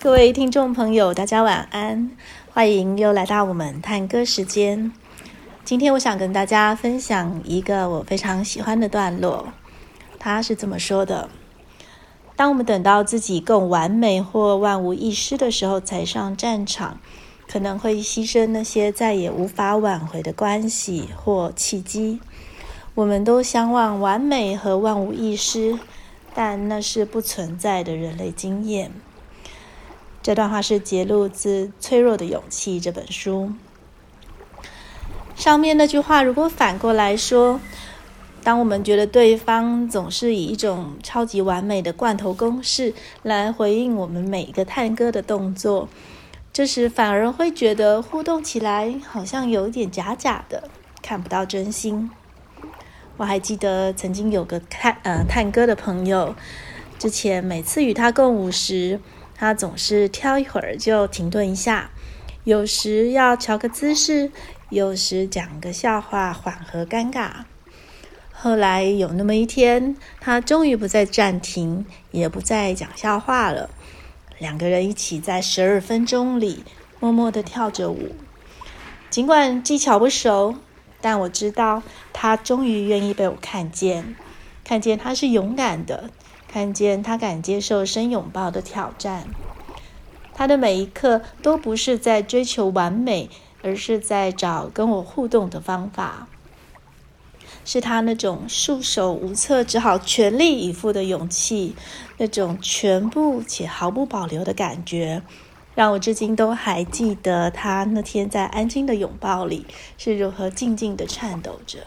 各位聽眾朋友，大家晚安，歡迎又來到我們探戈時間。今天我想跟大家分享一個我非常喜歡的段落，他是這麼說的：“當我們等到自己更完美或萬無一失的時候才上戰場，可能會犧牲那些再也無法挽回的關係或契機。我們都向往完美和萬無一失，但那是不存在的人類經驗。”這段話是節錄自《脆弱的勇氣》這本書。上面那句話，如果反過來說，當我們覺得對方總是以一種超級完美的罐頭公式來回應我們每一個探戈的動作，這時反而會覺得互動起來好像有一點假假的，看不到真心。我還記得曾經有個探呃探戈的朋友，之前每次與他共舞時，他總是跳一會兒就停頓一下，有時要喬個姿勢，有時講個笑話緩和尷尬。後來有那麼一天，他終於不再暫停，也不再講笑話了。兩個人一起在十二分鐘裡默默地跳着舞，儘管技巧不熟，但我知道他終於願意被我看見，看見他是勇敢的。看見他敢接受深擁抱的挑戰，他的每一刻都不是在追求完美，而是在找跟我互動的方法。是他那種束手無策，只好全力以赴的勇氣，那種全部且毫不保留的感覺，讓我至今都還記得他那天在安靜的擁抱裡是如何靜靜的顫抖着。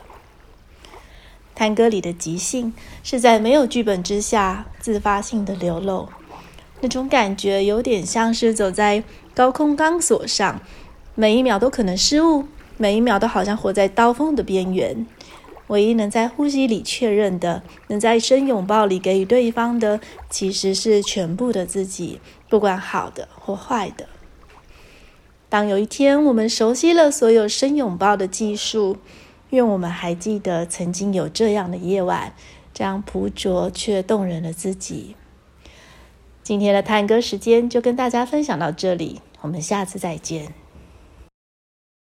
探戈裡的即興是在沒有劇本之下自發性的流露，那種感覺有點像是走在高空鋼索上，每一秒都可能失誤，每一秒都好像活在刀鋒的邊緣。唯一能在呼吸裡確認的，能在深擁抱裡給予對方的，其實是全部的自己，不管好的或壞的。當有一天我們熟悉了所有深擁抱的技術，願我們還記得曾經有這樣的夜晚，這樣樸拙卻動人的自己。今天的探戈時間就跟大家分享到這裡，我們下次再見。